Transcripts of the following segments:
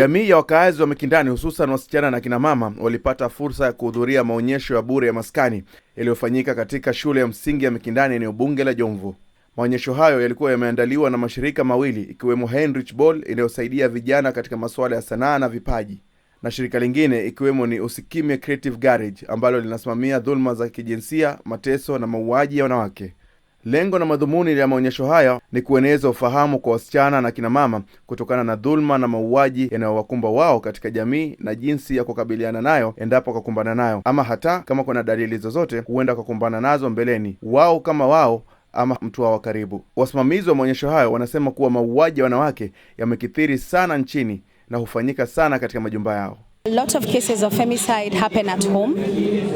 Jamii ya wakaazi wa Mikindani hususan wasichana na kinamama walipata fursa ya kuhudhuria maonyesho ya bure ya maskani yaliyofanyika katika shule ya msingi ya Mikindani, eneo bunge la Jomvu. Maonyesho hayo yalikuwa yameandaliwa na mashirika mawili ikiwemo Heinrich Ball inayosaidia vijana katika masuala ya sanaa na vipaji na shirika lingine ikiwemo ni Usikimye Creative Garage ambalo linasimamia dhuluma za kijinsia, mateso na mauaji ya wanawake. Lengo na madhumuni ya maonyesho haya ni kueneza ufahamu kwa wasichana na kinamama kutokana na dhuluma na mauaji yanayowakumba wao katika jamii na jinsi ya kukabiliana nayo endapo kakumbana nayo, ama hata kama kuna dalili zozote huenda kakumbana nazo mbeleni, wao kama wao ama mtu wao wa karibu. Wasimamizi wa maonyesho hayo wanasema kuwa mauaji ya wanawake yamekithiri sana nchini na hufanyika sana katika majumba yao. A lot of cases of femicide happen at home.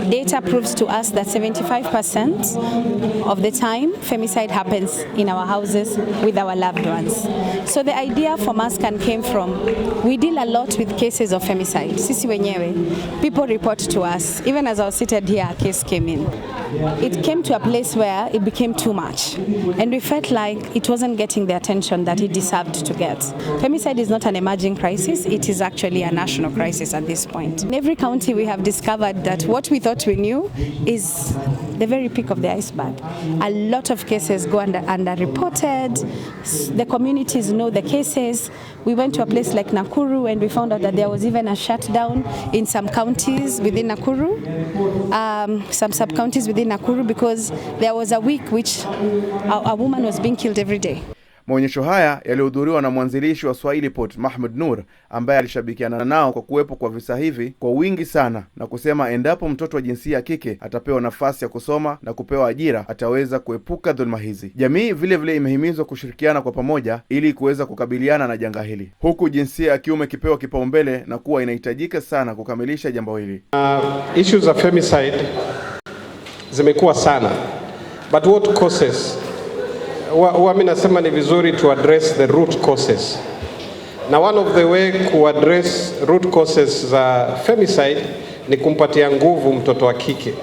Data proves to us that 75% of the time femicide happens in our houses with our loved ones. So the idea for Maskan came from we deal a lot with cases of femicide. Sisi wenyewe, people report to us. Even as I was seated here, a case came in. It came to a place where it became too much and we felt like it wasn't getting the attention that it deserved to get. Femicide is not an emerging crisis, it is actually a national crisis. challenges at this point. In every county, we have discovered that what we thought we knew is the very peak of the iceberg. A lot of cases go under underreported. The communities know the cases. We went to a place like Nakuru and we found out that there was even a shutdown in some counties within Nakuru, um, some sub counties within Nakuru, because there was a week which a, a woman was being killed every day. Maonyesho haya yalihudhuriwa na mwanzilishi wa Swahili Pot Mahmud Nur ambaye alishabikiana nao kwa kuwepo kwa visa hivi kwa wingi sana, na kusema endapo mtoto wa jinsia ya kike atapewa nafasi ya kusoma na kupewa ajira ataweza kuepuka dhuluma hizi. Jamii vile vile imehimizwa kushirikiana kwa pamoja ili kuweza kukabiliana na janga hili, huku jinsia ya kiume ikipewa kipaumbele na kuwa inahitajika sana kukamilisha jambo hili. Uh, issues of femicide zimekuwa sana but what causes huwa mimi nasema ni vizuri to address the root causes, na one of the way ku address root causes za femicide ni kumpatia nguvu mtoto wa kike.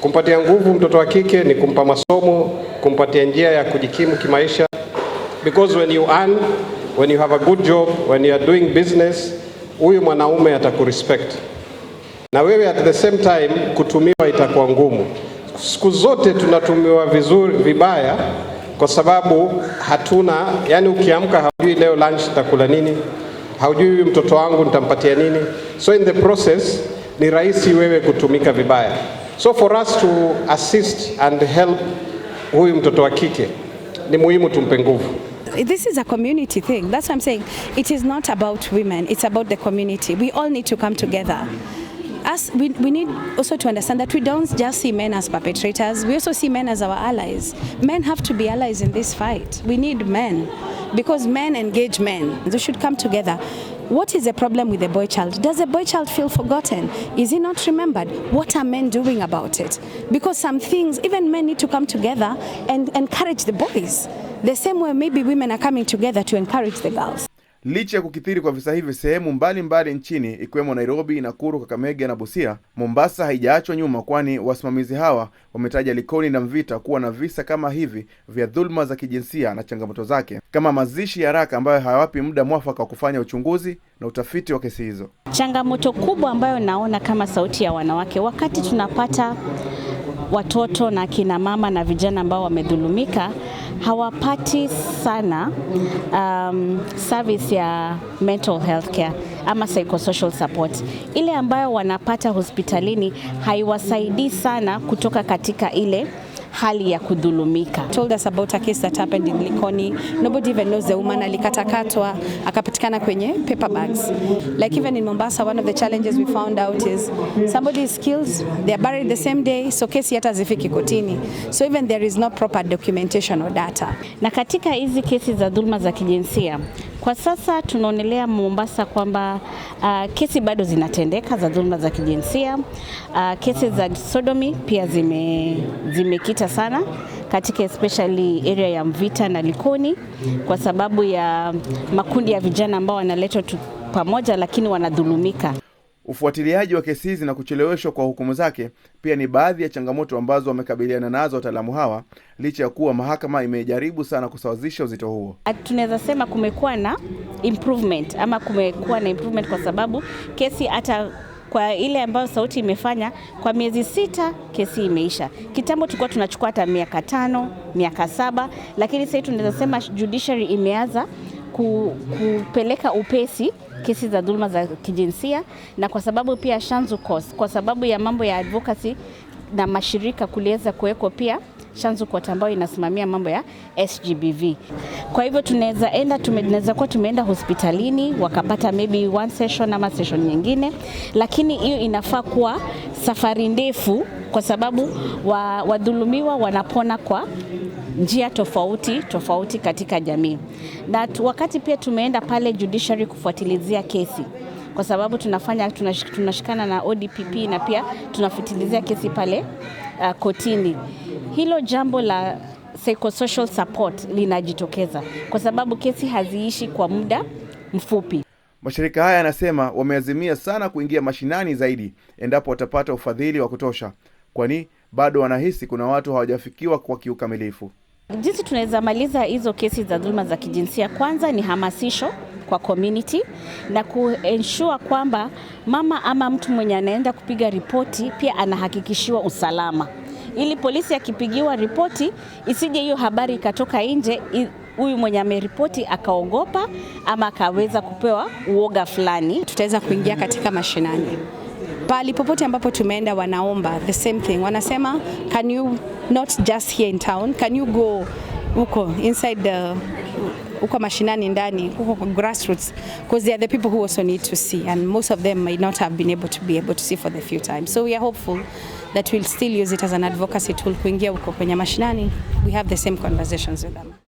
Kumpatia nguvu mtoto wa kike ni kumpa masomo, kumpatia njia ya kujikimu kimaisha, because when you earn, when you have a good job, when you are doing business, huyu mwanaume atakurespect na wewe at the same time kutumiwa itakuwa ngumu. Siku zote tunatumiwa vizuri vibaya kwa sababu hatuna yani, ukiamka haujui leo lunch nitakula nini, haujui mtoto wangu nitampatia nini, so in the process ni rahisi wewe kutumika vibaya. So for us to assist and help huyu mtoto wa kike ni muhimu tumpe nguvu. This is a community thing. That's what I'm saying. It is not about women, it's about the community. We all need to come together us, we, we need also to understand that we don't just see men as perpetrators, we also see men as our allies. Men have to be allies in this fight. We need men because men engage men. They should come together. What is the problem with the boy child? Does the boy child feel forgotten? Is he not remembered? What are men doing about it? Because some things, even men need to come together and encourage the boys. The same way maybe women are coming together to encourage the girls. Licha ya kukithiri kwa visa hivi sehemu mbalimbali nchini ikiwemo Nairobi, Nakuru, Kakamega na Busia, Mombasa haijaachwa nyuma, kwani wasimamizi hawa wametaja Likoni na Mvita kuwa na visa kama hivi vya dhuluma za kijinsia na changamoto zake, kama mazishi ya haraka ambayo hayawapi muda mwafaka wa kufanya uchunguzi na utafiti wa kesi hizo. Changamoto kubwa ambayo naona kama sauti ya wanawake wakati tunapata watoto na kina mama na vijana ambao wamedhulumika hawapati sana um, service ya mental health care ama psychosocial support. Ile ambayo wanapata hospitalini haiwasaidii sana kutoka katika ile hali ya kudhulumika. Told us about a case that happened in Likoni. Nobody even knows the woman alikatakatwa akapatikana kwenye paper bags. Like even in Mombasa one of the challenges we found out is somebody is killed, they are buried the same day, so kesi hata zifiki kotini. So even there is no proper documentation or data. Na katika hizi kesi za dhulma za kijinsia kwa sasa tunaonelea Mombasa kwamba uh, kesi bado zinatendeka za dhuluma za kijinsia uh, kesi za sodomi pia zime, zimekita sana katika especially area ya Mvita na Likoni kwa sababu ya makundi ya vijana ambao wanaletwa pamoja lakini wanadhulumika. Ufuatiliaji wa kesi hizi na kucheleweshwa kwa hukumu zake pia ni baadhi ya changamoto ambazo wamekabiliana nazo wataalamu hawa, licha ya kuwa mahakama imejaribu sana kusawazisha uzito huo. Tunaweza sema kumekuwa na improvement ama kumekuwa na improvement kwa sababu kesi hata kwa ile ambayo sauti imefanya kwa miezi sita kesi imeisha. Kitambo tulikuwa tunachukua hata miaka tano, miaka saba, lakini sahii tunaweza sema judiciary imeanza kupeleka upesi kesi za dhuluma za kijinsia, na kwa sababu pia Shanzu Coast, kwa sababu ya mambo ya advocacy na mashirika kuliweza kuwekwa pia Shanzu Court ambayo inasimamia mambo ya SGBV. Kwa hivyo tunaweza enda tunaweza kuwa tumeenda hospitalini wakapata maybe one session ama session nyingine, lakini hiyo inafaa kuwa safari ndefu, kwa sababu wadhulumiwa wa wanapona kwa njia tofauti tofauti katika jamii, na wakati pia tumeenda pale judiciary kufuatilizia kesi kwa sababu tunafanya tunashikana na ODPP na pia tunafuatilizia kesi pale uh, kotini. Hilo jambo la psychosocial support linajitokeza kwa sababu kesi haziishi kwa muda mfupi. Mashirika haya yanasema wameazimia sana kuingia mashinani zaidi endapo watapata ufadhili wa kutosha, kwani bado wanahisi kuna watu hawajafikiwa kwa kiukamilifu. Jinsi tunaweza maliza hizo kesi za dhuluma za kijinsia, kwanza ni hamasisho kwa community na kuensure kwamba mama ama mtu mwenye anaenda kupiga ripoti pia anahakikishiwa usalama, ili polisi akipigiwa ripoti isije hiyo habari ikatoka nje, huyu mwenye ameripoti akaogopa ama akaweza kupewa uoga fulani. Tutaweza kuingia katika mashinani bali popote ambapo tumeenda wanaomba the same thing, wanasema can you not just here in town, can you go huko inside the huko mashinani ndani huko grassroots because there are the people who also need to see and most of them may not have been able to be able to see for the few times so we are hopeful that we'll still use it as an advocacy tool kuingia huko kwenye mashinani we have the same conversations with them